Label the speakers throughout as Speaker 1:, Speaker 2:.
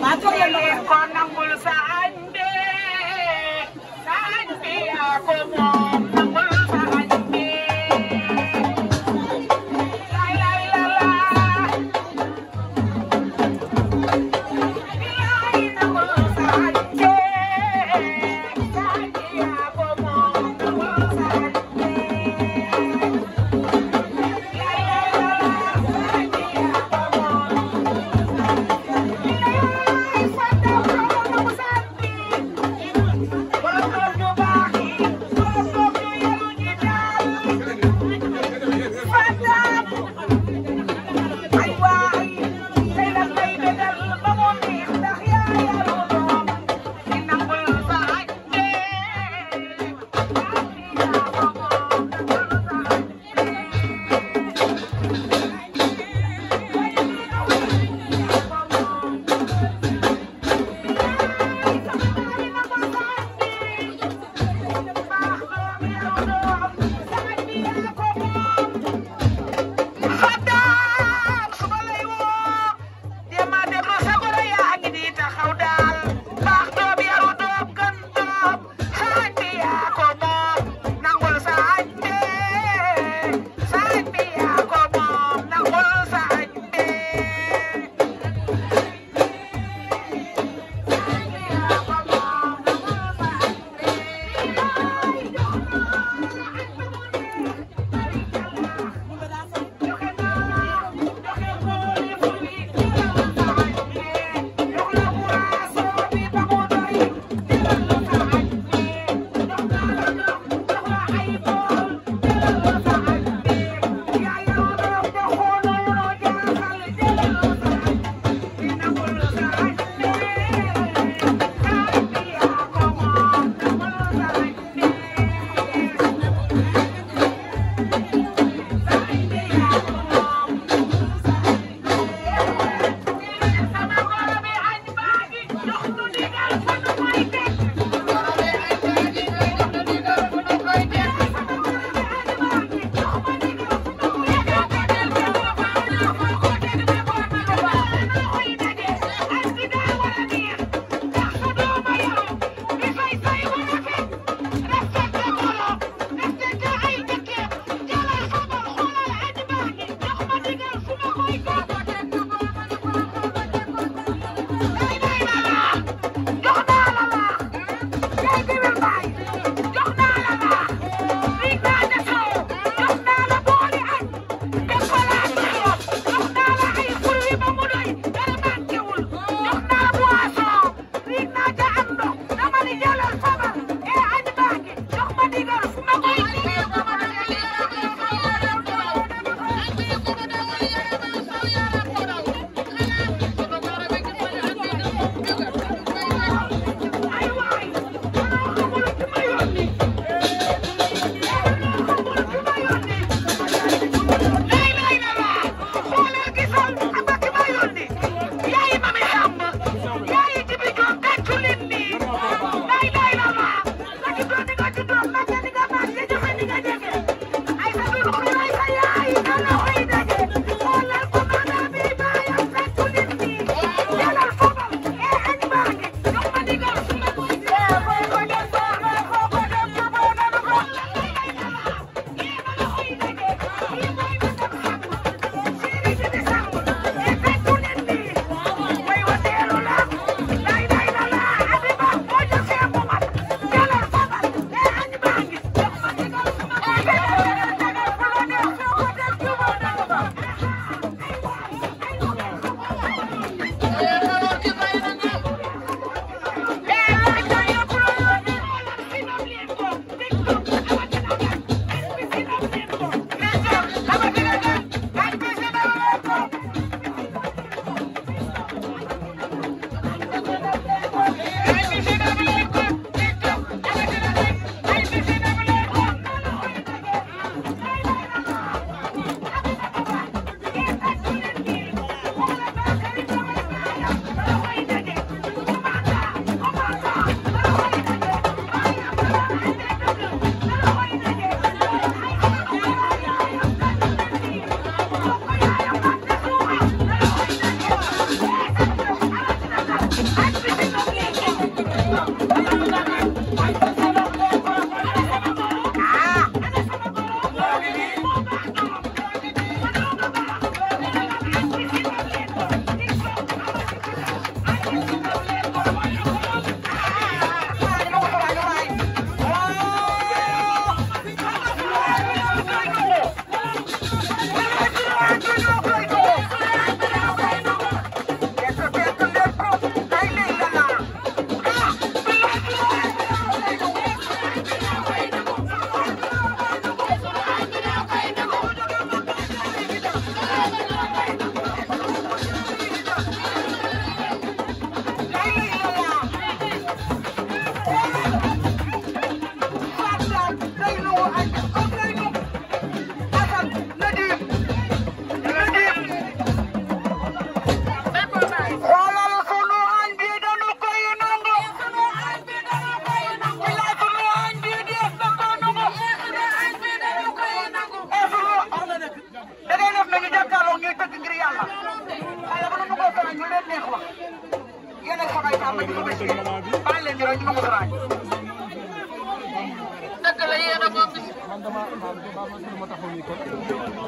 Speaker 1: Mato el con Thank you.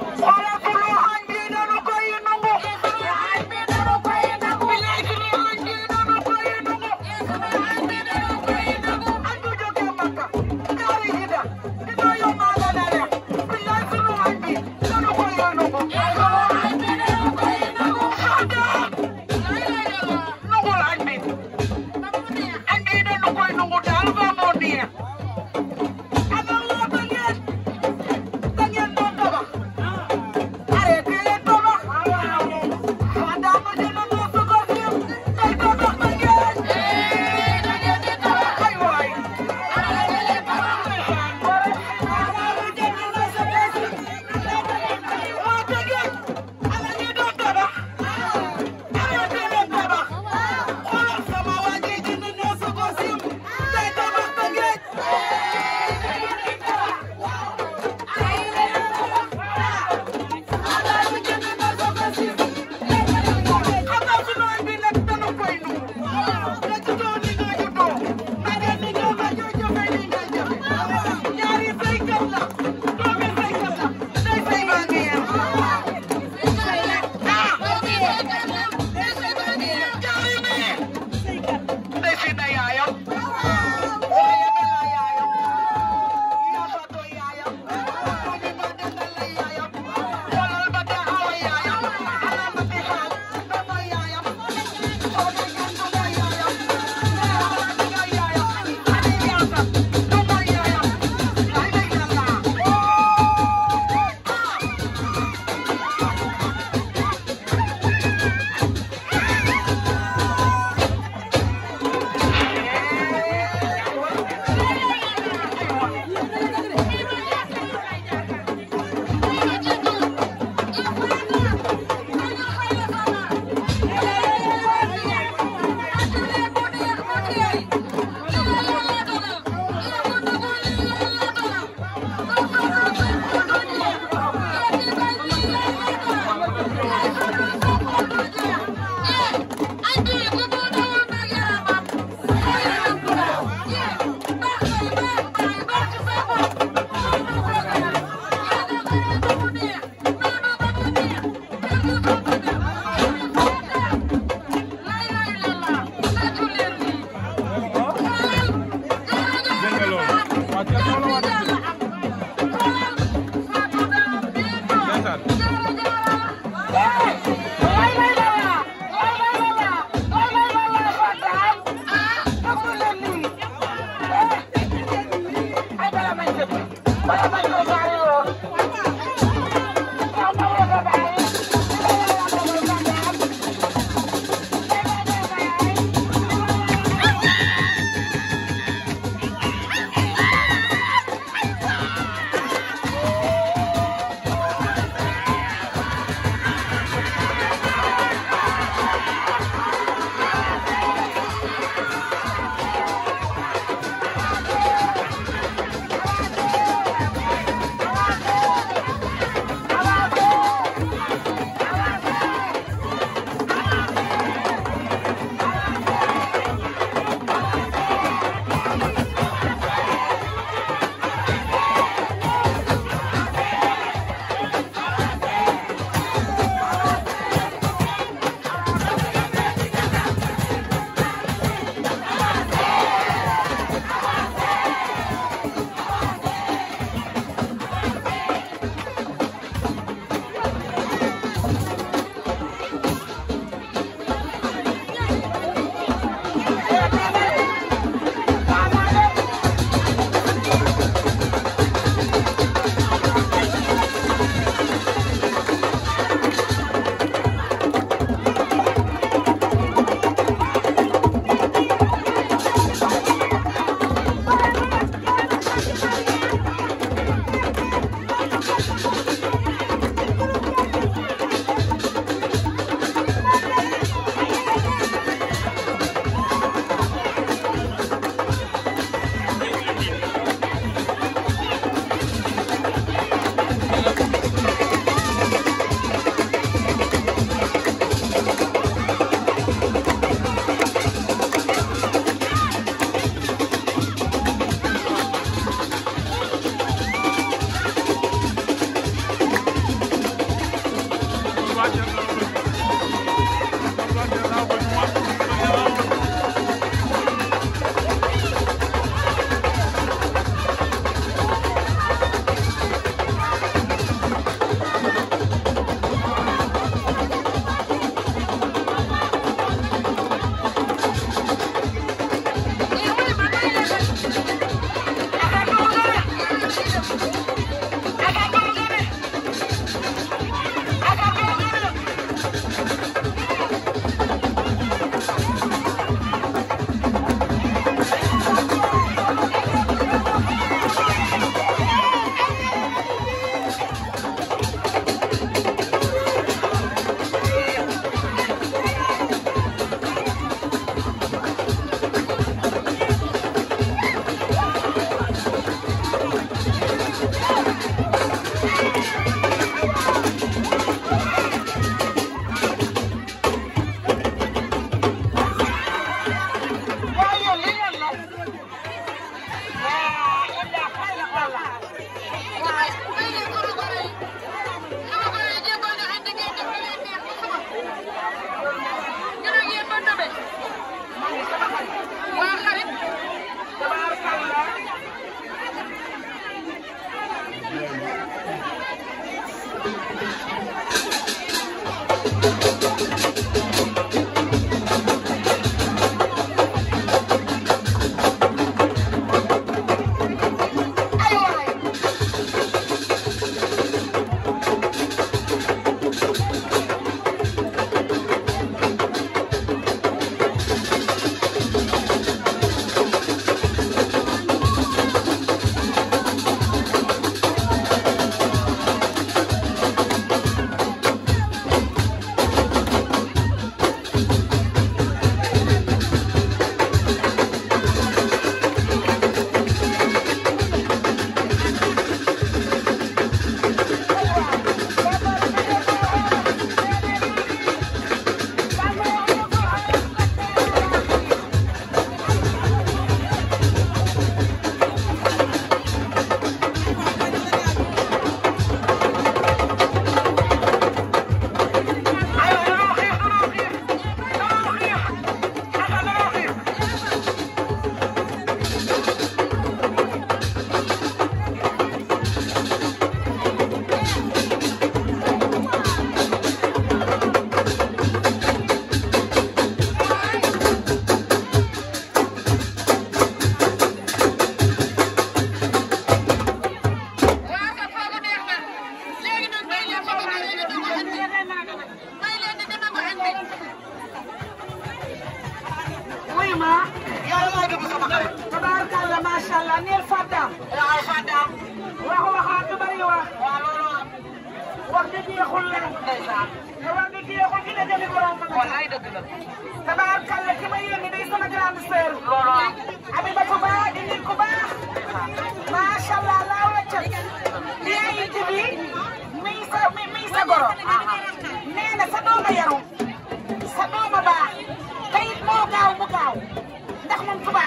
Speaker 1: moom tubaab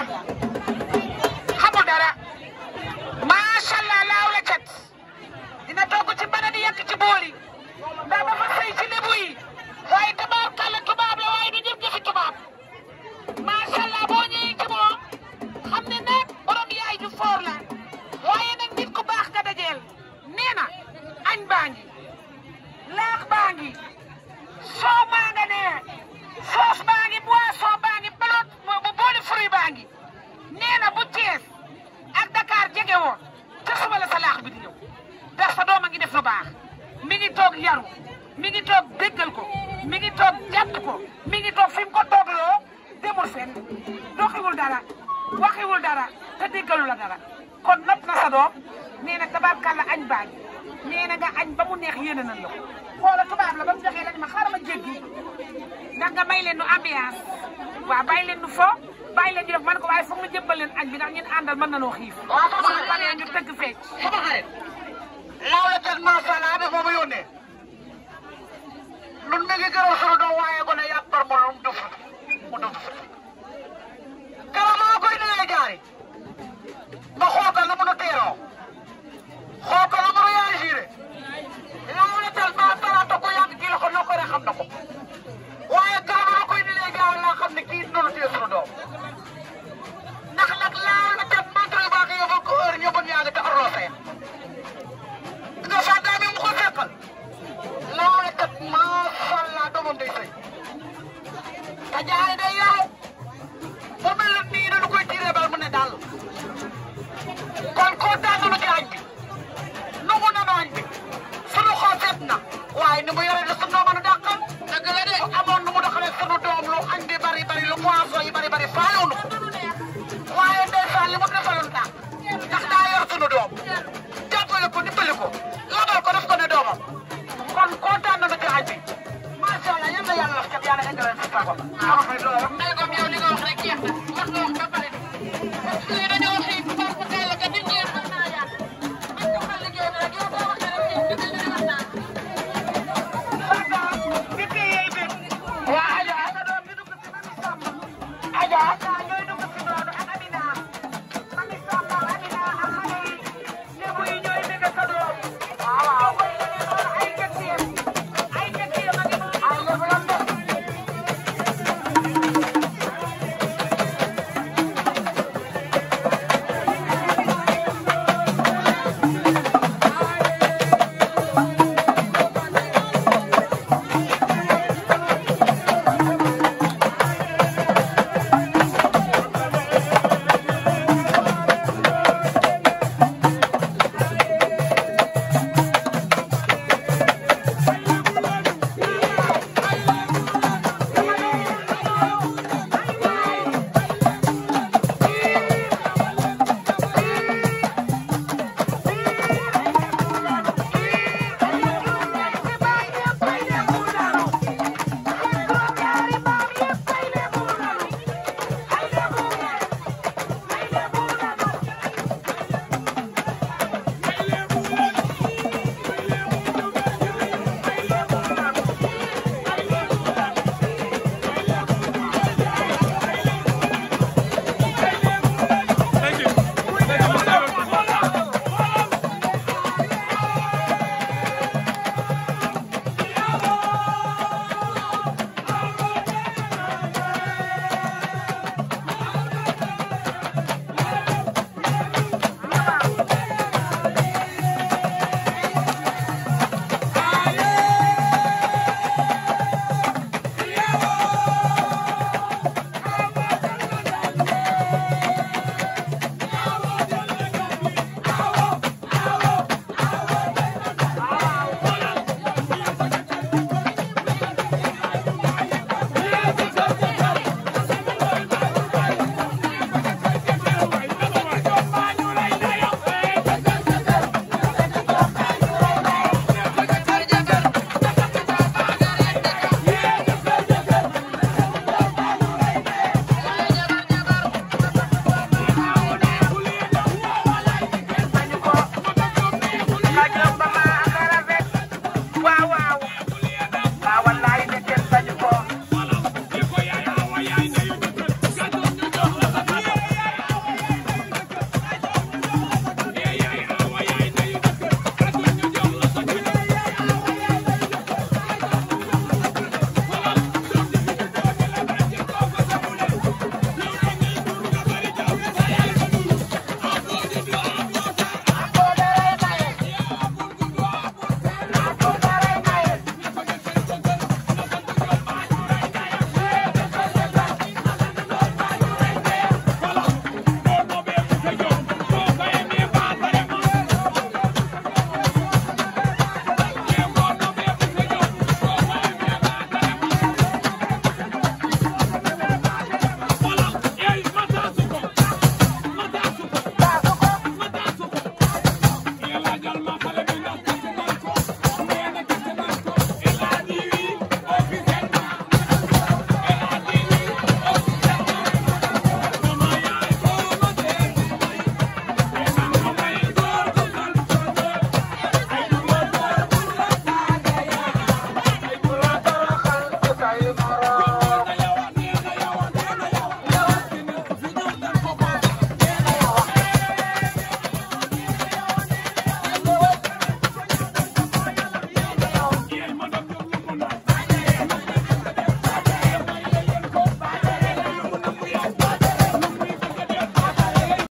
Speaker 1: I found